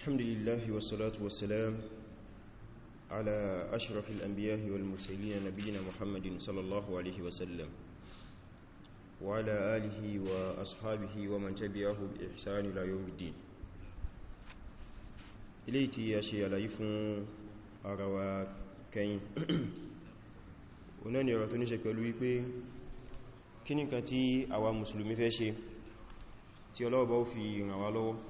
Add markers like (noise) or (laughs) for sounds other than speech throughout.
الحمد لله والصلاة والسلام على أشرف الأنبياء والمرسلين نبينا محمد صلى الله عليه وسلم وعلى آله وأصحابه ومن تبعه بإحسان إلى يوم الدين إليتي يا شيء لايف أروا كين ونني رتوني ṣe pẹ̀lú wípé kíni kan tí àwa mùsùlùmí fẹ́ ṣe tí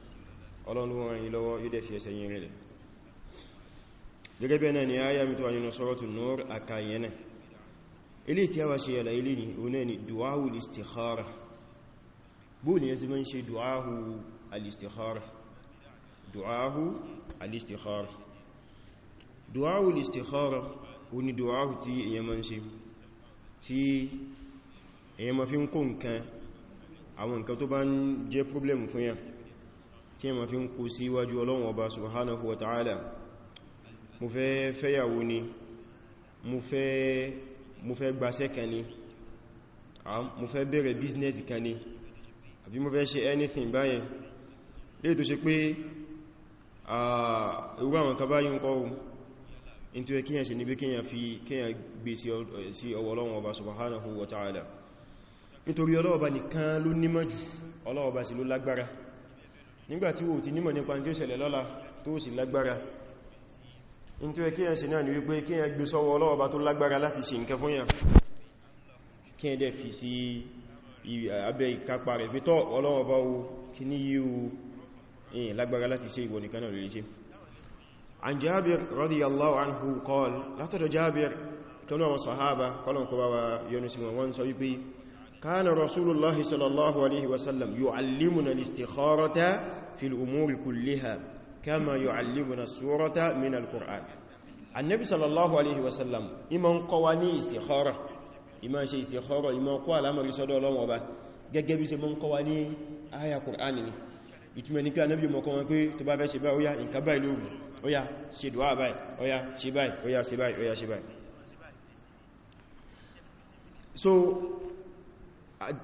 ọlọ́run yìí lọ́wọ́ yóò dẹ̀ fi ẹsẹ̀ yìí rẹ̀ gẹ́gẹ́ bẹ́ẹ̀ náà ni ayá mi tó wà nínú sọ́rọ̀tù nur akayẹ́nà ilé tí a wá ṣe yàlá ilé ni òun náà ni duwahu al bóò ni ya sì mọ́n ṣe duwahu al-istikhara duwahu al-istikhara òun ni duwahu tí èyàn mọ́n ṣe tí èyàn ma fi ń kó nǹkan àwọn nǹkan tó bá ń jẹ́ problem fún yàn tí a ma fi ń kó sí wájú ọlọ́run ọba subhanahu wa ta'ala mo fẹ́ fẹ́yàwó ni mo fẹ́ mo fẹ́ gbaṣẹ́ kan ni mo fẹ́ bẹ̀rẹ̀ business kan ni àbí mo fẹ́ ṣe anything báyẹn lè tó ṣe pé ewu àwọn kan báyí ń kọ́ in tó yẹ kíyàn ṣe níbi kíyàn fi kíyàn gbé sí ọwọ́ ọlọ́run ọba subhanahu wa ta'ala nítorí ọlọ́ọ̀ba nìkan ló nímọ̀ jù ọlọ́ọ̀ba sì ló lágbára nígbàtí wo ti nímọ̀ nípa tí ó ṣẹlẹ̀ lọ́la tó sì lágbára in tó ẹkíyàn ṣe náà ni wípé kíyàn gbé sọ́wọ́ ọlọ́wọ́ bá tó lágbára láti ṣe nǹkan fún yàn kíyàn dẹ̀ fi sí abẹ́ ìkápá rẹ̀ pẹ́tọ́ ọlọ́wọ́ bá wo kí ní yíò in lágbára láti ṣe ìwọ nìkan náà lè ṣe an Jabir radiyallahu anhu qala látọ̀dọ̀ Jabir kanú àwọn sahaba kọlọ̀kọ́ bá wa yọnu sí wọn wọ́n sọ wípé كان رسول الله صلى الله عليه وسلم يعلمنا الاستخارة في الأمور كلها كما يعلمنا السورة من القرآن النبي صلى الله عليه وسلم إما قواني استخارة إما شيء استخارة إما قوى لما رسول الله وبا gẹ́gẹ́ bí ṣe mọ́ ń kọ́ wa ní àyà kùránì ni ìtumẹ̀ ní pé anábí mọ̀kọ́ wọn pé tó ويا fẹ́ ويا báyìí óyá nǹkan báyìí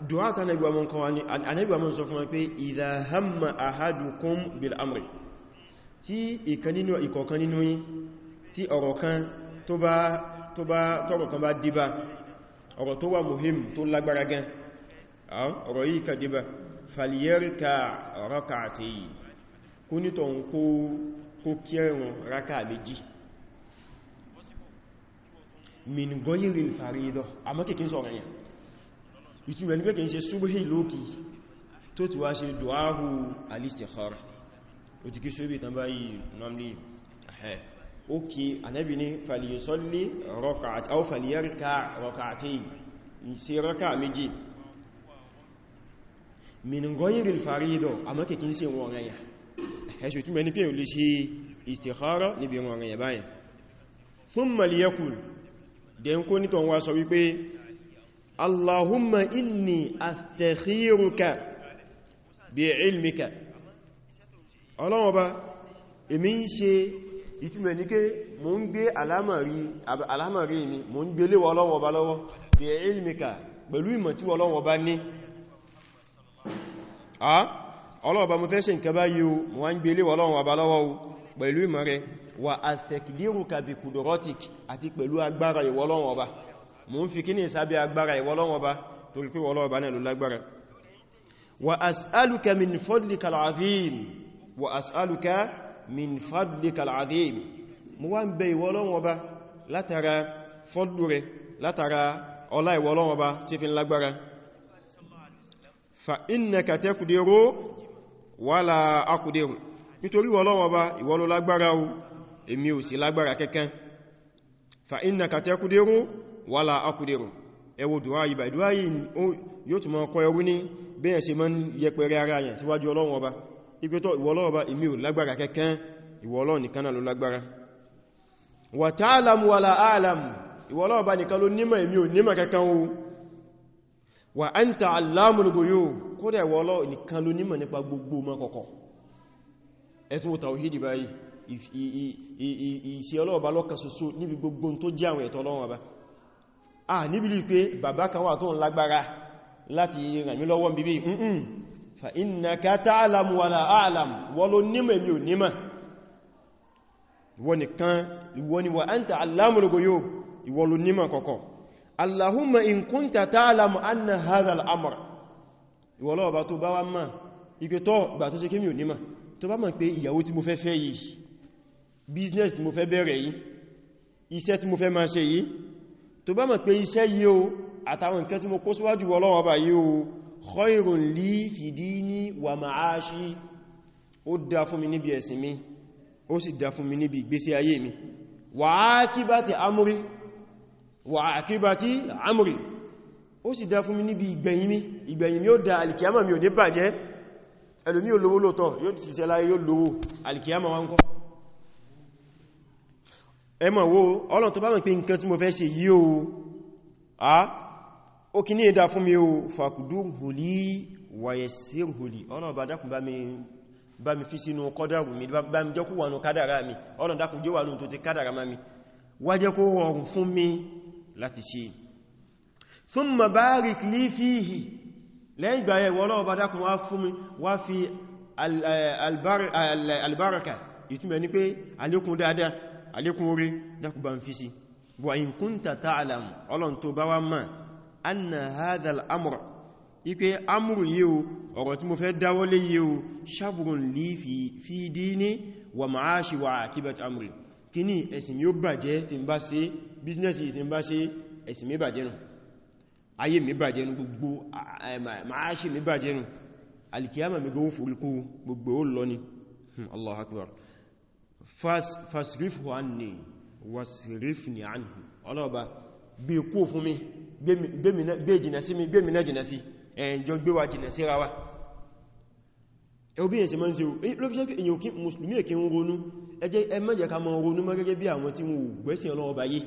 duwata anagbiwa mọ́ kọwa ní anagbiwa mọ́ sọ fún idha hamma ahadukum bil amri tí ìkọ̀kan nínú yín orokan ọ̀rọ̀ kan tó bá tọ́rọ̀ kan bá dìbà ọ̀rọ̀ tó wà muhim tó lágbára gan ọ̀rọ̀ yìí ka dìbà falyarka rak'atayn kó nítọ̀ ń kó kẹrùn rákà méjì min ghayril farida àmọ́ kìkín sọ̀rọ̀ yẹn ìtumẹ̀ ní pé kí n ṣe ṣúbúhì lókì tó ti wá ṣe dùáhù alistikhara o ti kí ṣúbí tán báyìí normally ẹ̀ ókè anẹ́bì ní fàlìyàsọ́lì rọ́kàtí ṣe rọ́kà méjì mìnìgọ́yìn ìfàrídọ̀ àmọ́kẹ̀kí ṣe wọn rẹ̀ yà ẹ̀ṣù ìtumẹ̀ ní pé o lè ṣe istikhara níbi allahumma inni astakhiruka bi ilmika ọlọ́wọ́ ba èmi ń ṣe ìtumẹ̀ ní pé mo ń gbé alámàrí mi mo ń gbélé wọ ọlọ́wọ́ ba lọ́wọ́ bi ilmika pẹ̀lú ìmọ̀ tí ọlọ́wọ́ ba ní ọlọ́wọ́ ba mo fẹ́ ṣe nǹkan báyìí o mo wá ń gbélé wọ ọlọ́wọ́ ba lọ́wọ́ o pẹ̀lú ìmọ̀ rẹ̀ wa astakdiruka bi kudorotik àti pẹ̀lú agbára ìwọ ọlọ́wọ́ ba mo ń fi kí ní ìsábẹ́ agbára ìwọlọ́wọ́ba torí pé wọlọ́wọ́ba náà ló lágbára wa as'aluka min fadlika al'azim wa as'aluka min fadlika al'azim mo wá ń bẹ ìwọlọ́wọ́ba látara fọ́dù rẹ̀ látara ọlá ìwọlọ́wọ́ba tí fi lágbára fa innaka taqdiru wala aqdiru nítorí wọlọ́wọ́ba ìwọlọ́ lágbára o èmi ò sí lágbára kẹ́kẹ́ fa innaka taqdiru wala akùdẹ̀rùn ẹwọ dùwáyì bá dùwáyì yóò tún mọ́ kọ ẹrú ní bẹ́yẹ̀ ṣe mọ́n yẹpẹrẹ ara yẹn síwájú ọlọ́run ọba ipétọ́ ìwọlọ́run ọba ìmí ò lagbara. kẹ́kẹ́n ìwọlọ́run nìkan náà ló lágbára wà táàlàmù wàlà àlàmù ìwọlọ́run ọba nìkan ló nímọ̀ ìmí ò nímọ̀ kẹ́kẹ́ o wà anta allamul ghuyub kódà ìwọlọ́run nìkan ló nímọ̀ nípa gbogbo mọ́ kọ̀kọ̀ ẹ̀sùn tàwíìdì báyìí ìṣẹ́ ọlọ́ọ̀bá lọ́kà ṣoṣo níbi gbogbo tó jẹ́ àwọn ẹ̀tọ́ ọlọ́run ọba ah níbìlì pé bàbá kan wà tó ń lágbára láti ràn mí lọ́wọ́ bíbí ǹǹ fa innaka ta'lamu wa la a'lam wọ́n ló nímọ̀ èmi ò nímọ̀ wọ́n nìkan wọ́n ni wa anta allamul ghuyub ìwọ́n ló nímọ̀ kọ̀kọ̀ allahumma in kunta ta'lamu anna hadha al-amr ìwọ́n lọ́wọ́ bá tó bá wá mọ̀ ike tọ́ gbà tó ṣe kí mi ò nímọ̀ tó bá mọ̀ pé ìyàwó mo fẹ́ fẹ́ yìí business tí mo fẹ́ bẹ̀rẹ̀ yìí iṣẹ́ tí mo fẹ́ máa ṣe yìí tó bá mọ̀ pé iṣẹ́ yìí o àtàwọn nǹkan tí mo kó síwájú Ọlọ́run Ọba yìí o khairun li fi dini wa ma'ashi ó dá fún mi níbi ẹ̀sìn mi ó sì dá fún mi níbi ìgbésí ayé mi wa akibati amri wa akibati amri ó sì dá fún mi níbi ìgbẹ̀yìn mi ó dá alìkìyàmà mi ò ní bàjẹ́ ẹlòmí olówó lóòtọ́ yóò ti ṣiṣẹ́ láyé yóò lówó alìkìyàmà wa kọ́ ẹmọ̀ wo ọlọ́n tó bá mọ̀ pé nǹkan tí mo fẹ́ ṣe yí o a ó kí ní ẹ̀dà fún mi o fàkùdú hùlí wàyẹ̀sí hùlí ọlọ́n bá dákùn bá mi fi sínú kọ́dàrù mi bá mi jẹ́kù wà nù kádàrà mi ọlọ́n dákùn jẹ́ wà nù tó ti kádàrà má wá jẹ́ kó rọrùn fún mi láti ṣe thumma barik li fihi lẹ́yìn ìgbà yẹ̀wọ̀ ọlọ́wọ́ bá dákùn wá fún mi wá fi eh, albaraka ìtumẹ̀ ní alékún orí dákùbà ń fi sí wa in kunta ta'lam ọlọ́n tó bá wá mọ̀ anna hadha al-amr ipe amúrù yíò ọ̀rọ̀ tí mo fẹ́ dáwọlé yíò ṣàbùrùn lè fi dini wa ma'ashi wa akibat amri kíní ẹ̀sìn yóò bàjẹ́ tí ń bá ṣe bísínẹ̀sì tí ń bá ṣe ẹ̀sìn mi ayé mi gbogbo ma'ashi mi bàjẹ́ nù alkiyama fasirifu anni wasirifni anhu ọlọ́ọ̀bá gbé kó fún mi gbé jìnà sí mi gbé mi náà jìnà sí ẹ̀jọ gbé wa jìnà sí rawa ẹ̀wọ́bí ẹ̀sẹ̀ máa ń se ló fi jẹ́ èyàn òkín mùsùlùmí èkí ń ronú ẹjẹ́ ẹmẹ́jẹ́ ká mọ́ ronú mọ́ gẹ́gẹ́ bí àwọn tí wọ́n gbẹ́sìn ọlọ́ọ̀bá yé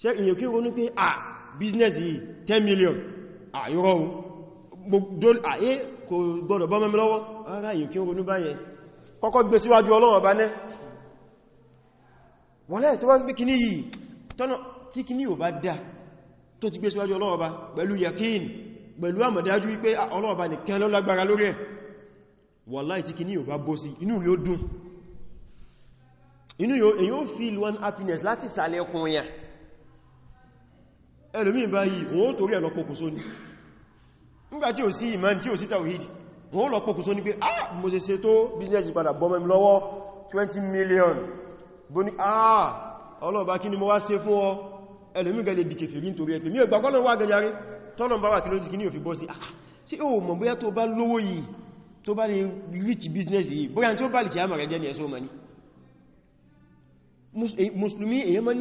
ṣe èyàn òkín ronú pé à business yìí 10 million àyọ́rọ̀ kọ́kọ́ gbé síwájú Ọlọ́run bá ná wọ́lẹ̀ tó wá gbé kìní yìí tọ́nà tí kìní ò bá tó ti gbé síwájú Ọlọ́run pẹ̀lú yakin pẹ̀lú àmọ̀dájú wípé ah, Ọlọ́run bá nìkan ló lórí ẹ̀ tí dùn feel one happiness láti ya ẹlòmí báyìí òun ó torí ẹ̀lọ́pọ̀ wọ́n lọ pọ̀kùsọ ní pé ah mo ṣe ṣe tó business padà bọ́mẹ́m lọ́wọ́ 20 million bó ní ah ọlọ́ọ̀bá kí ni mo wá ṣe fún ọ ẹlòmí gẹ̀lẹ̀ dìkẹ̀ fèrí nítorí ẹ̀pẹ̀ mí ẹgbà kọ́lọ̀ wà gẹ̀yàrí tọ́lọ̀ bá wà kí ló dìkì ní òfin bọ́ sí ah sí o mọ̀ bóyá tó bá lówó yìí tó bá lè rich business yìí bóyá tí ó bá lè kí á mọ̀rẹ̀ jẹ́ ní ẹ̀ṣọ́ mọ̀ ní mùsùlùmí èyẹ́ mọ́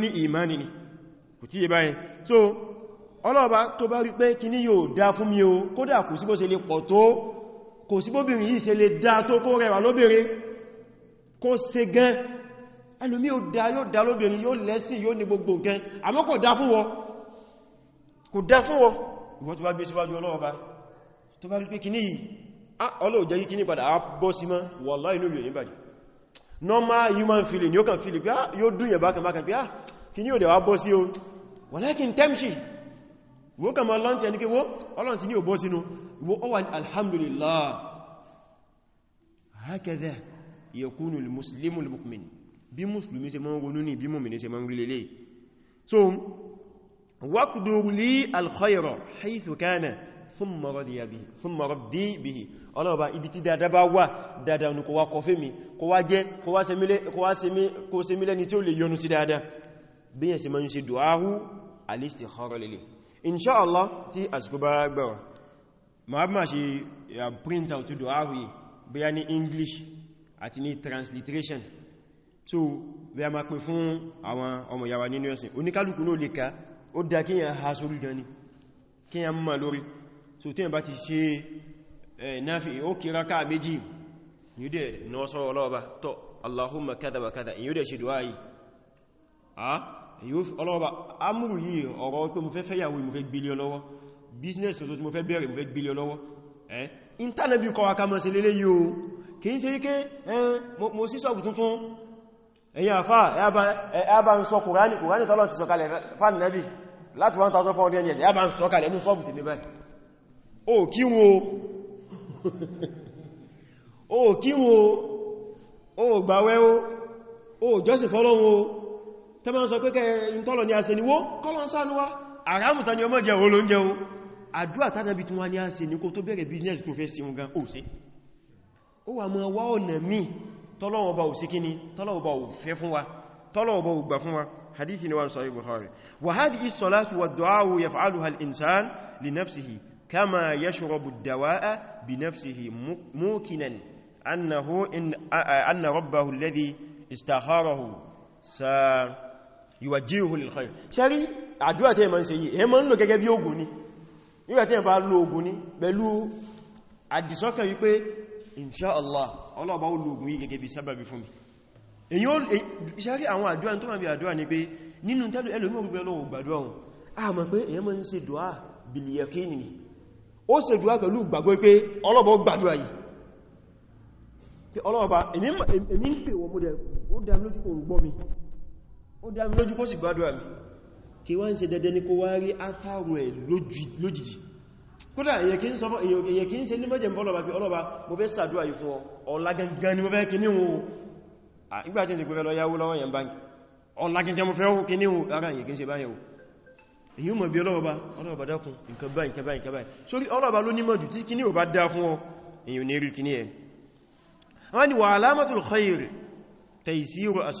ní ìmánì ni kò tí yẹ báyìí so ọlọ́ọ̀bá tó bá rí pé kí ní yóò dá fún mi o kódà kò sí bó ṣe lè pọ̀ tó kò sí bóbìnrin yìí ṣe lè dá tó kó rẹwà lóbìnrin kó ṣe gan ẹlòmí ò dá yóò dá lóbìnrin yóò lẹ́sìn yóò ní gbogbo nǹkan àmọ́ kò dá fún wọn kò dá fún wọn ìwọ́n tó bá gbé sí mọ́ normal human feeling yóò kàn feeling pé yóò dùn yẹ̀ bákan bákan pé kí ní ò dẹ̀ wá temshi wo kama lọ́n ti ẹni kí wo ọlọ́n ti ní òbó sínú wo ọwà alhamdulillah hakadha yakunu al-muslimu al-mu'min bí musulmi ṣe mọ́ ronú ní bí mu'min ṣe mọ́ rílẹ̀ so waqdur li al-khayra haythu kana thumma bihi thumma rabdi ibi tí dada bá wà dada ní kò kọfí mi kò wá jẹ́ se mílẹ̀ ní tí ó lè yọnu sí dada bí yẹn ṣe mọ́ ń ṣe du'ahu al-istikhara lele inṣáàlá tí àsìkò bá gbẹ̀rọ ma ṣe ya print out do ahùyẹ bí a ní English àti ní transliteration so bí a ma pè fún àwọn ọmọ yàwà nínú ẹ̀sìn oníkálùkù ló lè ká ó dá kí yàn ha sórí gan ni kí yàn mọ́ lórí so tí yàn bá ti ṣe náàfi ó kíra káà méjì yíò dẹ̀ ọlọ́ọ̀bá amúrù yìí ọ̀rọ̀ pé mo fẹ́ fẹ́ yàwó mo fẹ́ gbílé ọlọ́wọ́ business tó tí mo fẹ́ bẹ̀rẹ̀ mo fẹ́ gbílé ọlọ́wọ́ ẹ́ intanẹ́bí kọ wa ká mọ́ sí lélé yóò kìí ṣe ike mo sí sọ́bù tuntun ẹ̀yìn àfá ẹ̀yàbá ń sọ kùránì kùránì tọ́lọ̀ ti sọ̀kalẹ̀ fáàni nẹ́bì láti 1400 years ẹ̀yàbá ń sọ̀kalẹ̀ ní sọ́bù tèmi báyìí ó kí wo ó kí wo ó gbàwẹ̀ ó jọ́sìn fọ́lọ́run tẹ́ bá ń sọ pé kẹ́ ìntọ́lọ̀ ni a ṣe ni wó kọ́lọ̀ ń sáànú wá àrámù ta ni ọmọ jẹ́ olóun jẹ́ o àdúrà tàbí tí wọ́n ni a ṣe ní kó tó bẹ̀rẹ̀ business tó fẹ́ sí wọn gan ó sí ó wà mọ́ wá ọ̀nà míì tọ́lọ́wọ́ bá ò sí kíní tọ́lọ́wọ́ bá ò yuwajihu lil khair sẹ́rí àdúrà tẹ́ ma ń ṣe yìí ẹ ma ń lò gẹ́gẹ́ bí ogun ni nígbà tẹ́ bá lo ogun ni pẹ̀lú àdìsọ́kàn wípé inṣáàlá ọlọ́ọ̀bá ó lo ogun yìí gẹ́gẹ́ bí sábàbí fún mi sẹ́rí àwọn àdúrà tó ma bí àdúrà ni pé nínú tẹ́lú ọlọ́ọ̀bá èmi ń pè wọ́n mú dẹ̀ ó dá lójú òun gbọ́ mi ó dá mi lójú kó sì gbádùn mi kí wá ń ṣe dẹ̀dẹ̀ ní kó wá rí átàrù ẹ̀ lójijì kódà èyàn kí ń ṣe ní mọ́jẹ̀ mọ́lọ́bà pé ọlọ́bà mo fẹ́ sàdúwà yìí fún ọlá gangan ni mo fẹ́ kíní wo ìgbàtí ìsìnkú fẹ́ lọ yáwó lọ́wọ́ yẹn báńkì ọlá gangan mo fẹ́ wó kíní wo ara èyàn kí ń ṣe báyẹ̀wó èyí mọ̀ bí ọlọ́ọ̀bá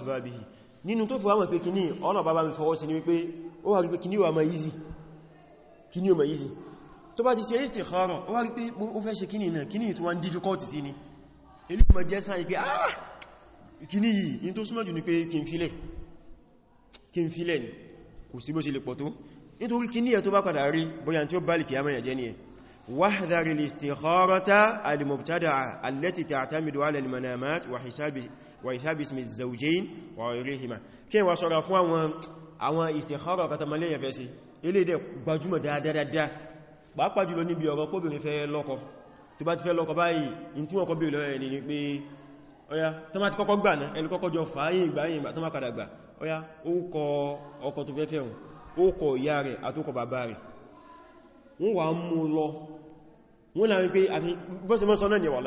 ọlọ́ọ̀bá nínú tó fọwọ́ pé kìní ọ̀nà bàbá mi fọwọ́ sí ní wípé ó wà rí pé kìní wà ma easy kìní o ma easy tó bá ti ṣe istikhara ó wà rí pé ó fẹ́ ṣe kìní náà kìní tó wá ń difficult sí ni ilé ma jẹ́ sáà pé ah kìní yìí in tó súnmọ́ jù ní pé kí n filẹ̀ ni kò sí wa ìsáàbì ismi zaujain wa ìrìhìmá kí wọ́n sọ́ra fún àwọn istikhara katamalẹ̀ yẹn fẹ́ sí ilé ìdẹ̀ gbajúmọ̀ dáadáa pàápàá jùlọ níbi ọ̀rọ̀ kóbìnrin wọ́n kọ́ bèèrè mú lọ wọ́n láwọn pé bọ́sẹ̀ mọ́sán náà ni wà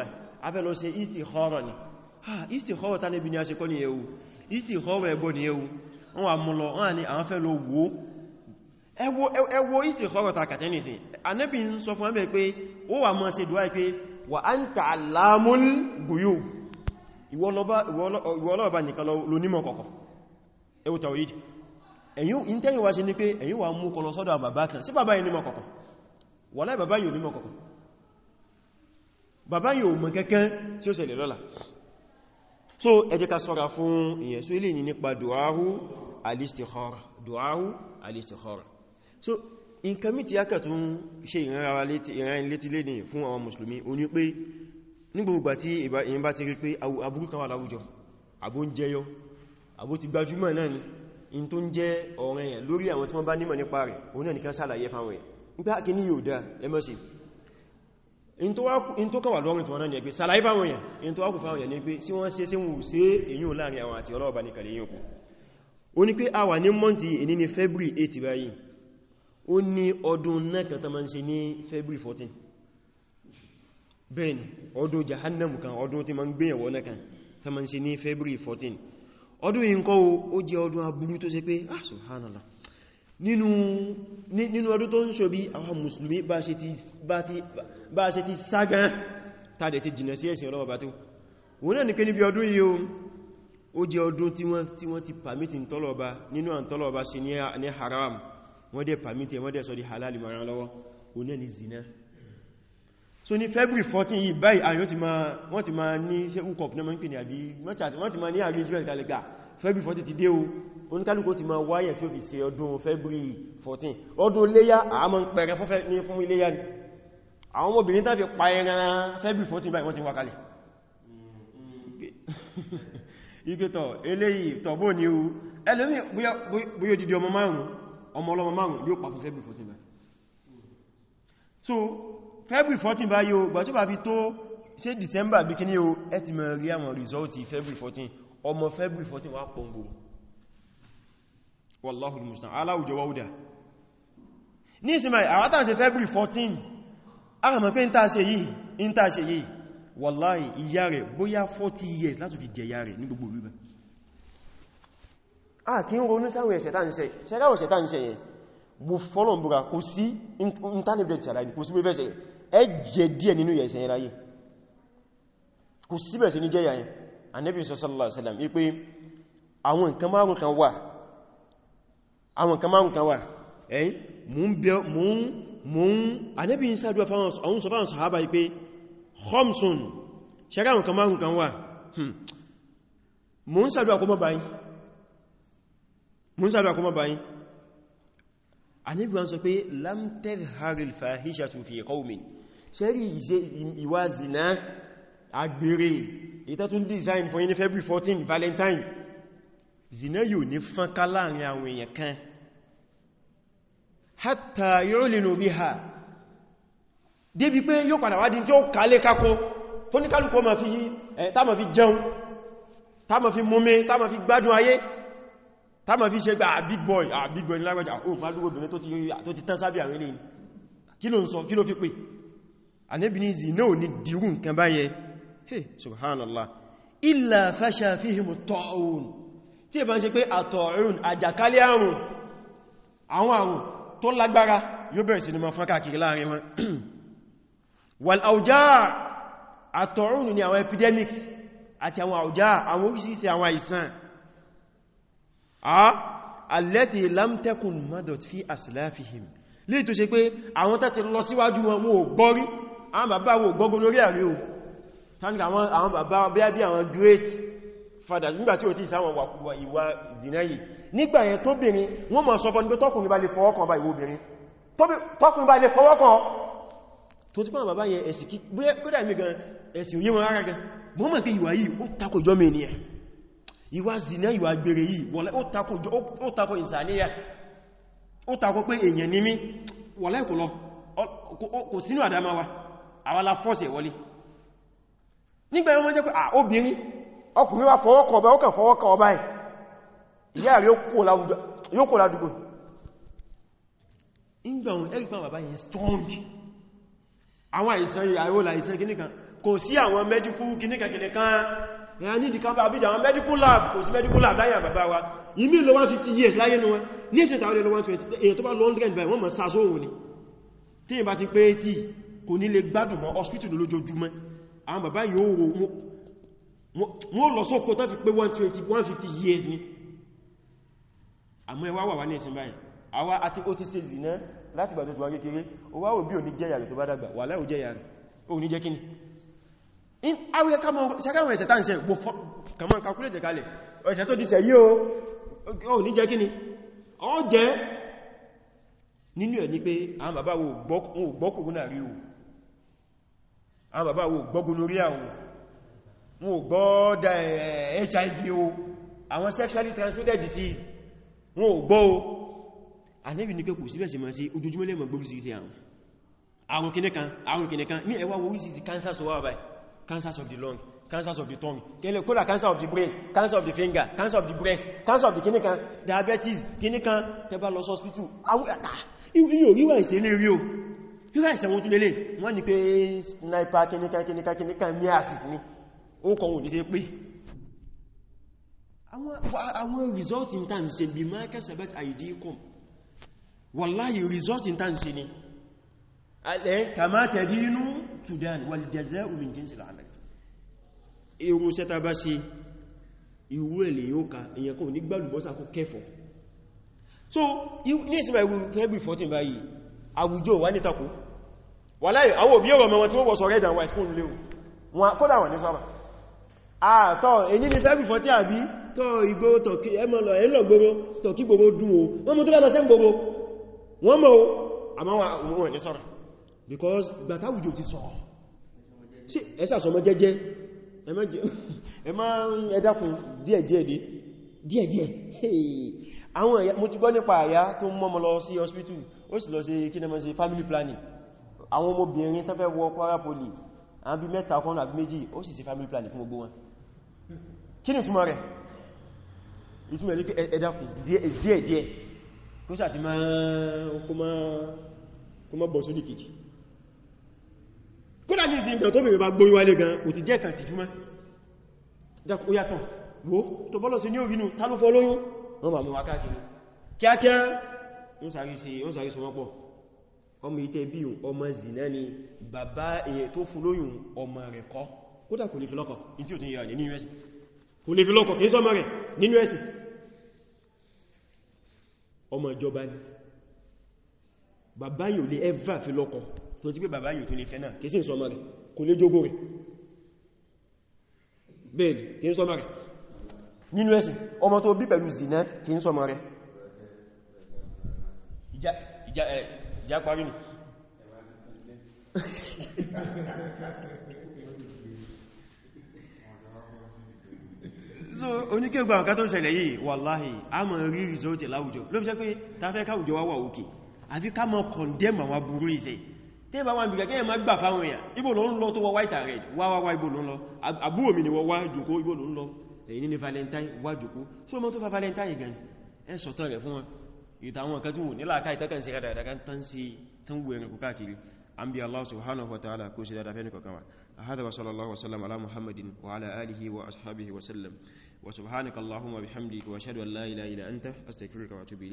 afẹ́ lọ ṣe istikhara ni istikhara ta níbi ni a ṣe kọ́ ní ewu istikhara ẹgbọ́ ní ewu wọ́n wà mú lọ wọ́n ni àwọn fẹ́ lọ wo ẹwọ istikhara ta kàtẹ́nìsìn anẹ́bí ń sọ fún ẹgbẹ́ pé ó wà mọ́ sí dúwà pé wa anta allamul ghuyub ìwọ́lọ́ọ̀bá nìkan lónímọ̀ kọ̀kọ̀ ẹwọ tawhid ẹ̀yìn tẹ́yìn wá sí ní pé ẹ̀yìn wà mú kọlọ sọ́dọ̀ bàbá kan sí bàbá yìí nímọ̀ kọ̀kọ̀ wallahi bàbá yìí ò mọ̀ kẹ́kẹ́ tí ó ṣẹlẹ̀ lọ́la so ẹ jẹ́ ká ṣọ́ra fún ìyẹn so ilé ní nípa duahu alistikhara duahu alistikhara so nǹkan mi ti yákà tún ṣe ìran létí lé ní fún àwọn mùsùlùmí o ní pé nígbogbo àti ìyẹn bá ti rí pé aburú kan wà láwùjọ àbó ń jẹyọ àbó ti gbajúmọ̀ náà ni in tó ń jẹ́ ọ̀rẹ́ lórí àwọn tí wọ́n bá nímọ̀ nípa rẹ̀ òun náà nìkan ṣàlàyé fáwọn yẹn nígbà kí ní yóò dá ẹmọ́sìn in tó kọwà lọ́rin tí wọ́n náà ni ẹgbẹ́ sàlàyé fáwọn èèyàn in tó wákù fáwọn èèyàn ni pé sí wọ́n ṣe sí wù sí èyí ò láàrin àwọn àti ọlọ́ọ̀bá ní kàlẹ̀ yíò kù ó ní pé a wà ní mọ́ntí èní ní February 8 báyìí ó ní ọdún náà kan tá ní February 14 bẹ́ẹ̀ni ọdún jahannam kan ọdún tí ma ń gbéyànwọ́ kan tá máa February 14 ọdún yìí ń kọ́ ó jẹ́ ọdún aburú tó nínú ọdún tó ń ṣò bí àwọn musulmi bá ṣe ti ságán tàdẹ̀ ti jìnà sí ẹ̀sìn ọlọ́wọ́ bá tó wọ́n náà ní pé níbi ọdún yìí ó jẹ ọdún tí wọ́n ti pàmítì tọ́lọ̀ọba nínú àntọ́lọ̀ọba sí ní haram wọ́n dẹ̀ pàmítì wọ́n dẹ̀ sọ di halal mara lọ́wọ́ zina so ní February 14 yìí báyìí àyọ́ ti wọ́n ti ma ní ṣe ukop náà mọ́ ń pè ní àbí February 14 ti dé oníkálùkù ti ma wáyẹ̀ tí ó fi ṣe ọdún february 14 ọdún léyá àmọ́ ń pẹ̀rẹ fọ́fẹ́ ní fún iléyá ni àwọn ọmọbìnrin tàbí pa ẹran february 14 báyìí wọ́n ti wá kalẹ̀ ìgbẹ̀tọ̀ eléyìí tọ̀bọ̀ ni ó ẹlòmí bóyá dídí ọmọ márùn-ún ọmọ ọlọ́mọ márùn-ún yóò pa fún february 14 so february 14 báyìí ó gbà tó bá fi december bí kíní ó ẹ ti mọ̀ rí february 14 ọmọ february 14 wá pọ̀ngbò wallahu al-musta'an aláwùjọ wáwúdá ní ìsinmi àwátà ṣe february 14 ara mọ̀ pé ń tàṣe yìí ń tàṣe yìí wallahi ìyá rẹ̀ bóyá 40 years láti fi jẹ ìyá rẹ̀ ní gbogbo rúbẹ̀ a kí ń ronú sáwọn ẹ̀ṣẹ̀ tá ń ṣe yẹn bú fọ́lọ̀ búra kò sí intanibet aláìní kò sí bẹ́ẹ̀ṣẹ̀ ẹ jẹ díẹ̀ sallallahu alaihi wasallam wípé àwọn nǹkan márùn kan wà àwọn kan márùn kan wà ẹ̀yìn mú ń bẹ mú ń mú ń anẹ́bí ń sáàdúwà fáwọn sọfáwọn sàhábà ipé homson ṣẹ́rẹ́ àwọn kan márùn kan wà mú hmm. ń sáàdúwà kó mọ́ báyìí mú ń sáàdúwà kó mọ́ báyìí anẹ́bí wọn sọ pé lam tadhharil fahishatu fi qawmin ṣẹ́rí ìwà zina agbèrè ìtàtún design for February 14 Valentine zina yóò ní fánká láàrin àwọn èèyàn kan hátà yóò lè lórí ha débi pé yóò padà wá di tí ó kálé kákó tó ní kálùkù táàmà fi jẹun táàmà fi mọ́mẹ́ táàmà fi gbádùn ayé táàmà fi ṣe gbà ah, big boy ah big boy nílágbàjá ah, ó gbádùgbò obìnrin tó ti tán sábì àwọn eléyìn kí ló ń sọ kí tí ìbá ń ṣe pé àtọ̀rún àjàkálẹ̀ àrùn àwọn àrùn tó lágbára yóò bẹ̀rẹ̀ sí ni ma fán káàkiri láàrin wọn (clears throat) wal àwùjá àtọ̀rún ni àwọn epidemics àti àwọn àwùjá àwọn oríṣìíṣẹ́ àwọn àìsàn allati lam takun madat fi aslafihim lè tó ṣe pé àwọn tàti lọ síwájú wọn wọn fàdà nígbàtí ò tí ìsáwọn wàkúwà ìwà zinayi nígbà yẹn tó bìnrin wọ́n mọ̀ sọ fọ́n pé tọ́kùnrin bá lè fọwọ́kàn bá ìwò obìnrin tọ́kùnrin bá lè fọwọ́kàn tó tí pàwọn bàbá yẹn ẹ̀sì kí zina ìwà gbèrè yìí wọ́lẹ́ ó takò ìsàníyà ó takò pé èèyàn ní mí wọ́lẹ́ kò lọ kò sínú àdámáwa àwàlá nígbà yẹn jẹ́ pé à obìnrin ọkùnrin wá fọwọ́kọ̀ ọba ó kàn fọwọ́kọ̀ ọba ẹ̀ ìyá rẹ̀ yóò kó ládùgbò ingbọ̀n ẹgbẹ̀n bàbá yìí strong àwọn àìsàn ìyàwó làìsàn kìníkan kò sí àwọn medical kìníkan kìníkan ẹ̀yà ní ìdíkan bá bíjà àwọn medical lab kò medical lab láyà bàbá wa ìmí lọ 150 years láyé ní wọn ní ẹ̀sẹ̀ tàwọn lọ 120 èyàn tó bá lọ 100 by wọ́n mọ̀ ti pé tí kò ní lè gbádùn mọ́ hospital lójoojúmọ́ àwọn bàbá yóò wọ́n lọ sókò tó fi pé 120 150 years ni àmọ́ ẹwà wà wà ní ìsinmi báyìí àwa àti ó ti ṣe zìnà láti gbà tó kékeré o wá òbí òní jẹ́ yàrẹ̀ tó bá dàgbà wà láì jẹ́ yàrẹ̀ o ní jẹ́ kíni in awuyẹ ṣakáwọn ẹ̀ṣẹ̀ tánṣẹ́ kàmọ́ kàkúlẹ̀tẹ̀ kalẹ̀ o ní jẹ́ kíni ọ jẹ́ nínú ẹ̀ ní pé àwọn bàbá wo gbọ́kùnrin o àwọn bàbá wo gbọ́kùnrin rí àwọn wọn ò gbọ́ hiv eh, o àwọn sexually transmitted disease wọn ò gbọ́ o anẹ́bì ní pé kò síbẹ̀ sí ma sí ojoojúmọ́ lẹ́mọ̀ gbogbo sí àwọn àwọn kìnnìkan àwọn kìnnìkan ní ẹwà wo of the lung cancers of the tongue kẹlẹ̀ kódà cancer of the brain cancer of the finger cancer of the breast cancer of the kìnnìkan diabetes kìnnìkan tẹba lọ hospital yóò ríwà ìṣẹ́lẹ̀ rí o ríwà ìṣẹ́wọ́n tún lélẹ̀ wọ́n ní pé sniper kìnnìkan kìnnìkan kìnnìkan ní àsìsì ni ó kọ̀wọ̀n ní ṣe pé àwọn result in time ṣe bí máa kẹsẹ̀bẹ̀t àìdíkùn wallahi result in time ṣe ni alẹ́ kama tẹ̀dínú sudan wal jaza'u min jinsil amal irun sẹta bá ṣe ìwú ẹ̀lẹ̀ yóò ká èyàn kò ní gbàlùbọ́sà kó kẹfọ́ so ní ìsinmi ìwú february 14 báyìí àwùjọ wà ní takò wallahi àwọn òbí ọ̀rọ̀ mẹ́wọn tí wọ́n wọ́ sọ red and white fún ilé wọn kódà wọ́n ní àtọ́ ah, èyí ni fẹ́bì fọ́tí àbí tọ́ ìgbó tọ̀kí ẹmọ̀lọ ẹ̀lọ gbogbo tọ̀kí gbogbo dùn o wọ́n mú tó bẹ́bẹ̀ sẹ́ gbogbo wọ́n mọ̀ àmáwà òun ní sọ́rọ̀ because gbàtàwùjò ti sọ̀rọ̀ sí ẹ̀sà sọmọ jẹ́jẹ́ ẹmọ́ ẹ̀dàkùn díẹ̀díẹ̀ àwọn mo ti gbọ́ nípa àyá tó mọ́ mọ́ lọ hospital ó sì lọ sí kí family planning àwọn ọmọbìnrin tó fẹ́ wọ kwara poli àwọn bí mẹ́ta kan àbí méjì ó sì sí family planning fún gbogbo wọn kí ni túnmọ̀ rẹ̀ ìtúnmọ̀ ní ẹ̀dàkùn díẹ̀ díẹ̀ kó sàtí máa kó mọ́ bọ̀ sódì kejì kó dájú sí ìgbà tó bèèrè bá gbóyí wálé gan kò ti jẹ́ kan ti júmọ́ dákùn ó yàtọ̀ wó tó bọ́lọ̀ sí ní òvinú ta ló fọ́lóyún wọ́n bá mú wá káàkiri kíákíá ó sàrí sí ó sàrí sí wọ́n pọ̀ ọmọ ìtẹ́bí ọmọ zìnà ni bàbá èyẹ tó fún lóyún ọmọ rẹ̀ kọ́ kódà kò lè fi lọ́kọ in tí ò tún yíra ní nínú ẹ̀sìn kò lè fi lọ́kọ kìí sọmọ rẹ̀ nínú ẹ̀sìn ọmọ ìjọba ni bàbá yóò lè ẹ́và fi lọ́kọ tó ti pé bàbá yóò tún lè fẹ́ náà kìí sí sọmọ rẹ̀ kò lè jogó rẹ̀ bẹ́ẹ̀ni parí ni (laughs) so oníkẹgbà nǹkan tó ń ṣẹlẹ̀ yìí wàláhì a mọ̀ rí rìsọ́tì láwùjọ ló fi ṣe pé ta fẹ́ káwùjọ wá wà òkè àfi ká mọ̀ condemn àwọn burú iṣẹ́ tẹ́bà wọn bìkà kẹ́yẹ ma gbà fáwọn èèyàn ibò ló ń lọ tó wọ white and red wá wá wá ibò ló ń lọ àbúrò mi ni wọ́n wá jòkó ibò ló ń lọ èyí ní valentine wá jòkó so mọ́ tó fa valentine gan ẹ sọ̀tọ̀ rẹ̀ fún wọn ìtàwọn kan tí wò nílà ká ìtọ́kàn sí rádà ìdákan tán sí a hada wa sallallahu wa sallam ala muhammadin wa ala alihi wa ashabihi wa sallam وسبحانك اللهم وبحمدك واشهد ان لا اله الا انت استغفرك واتوب اليك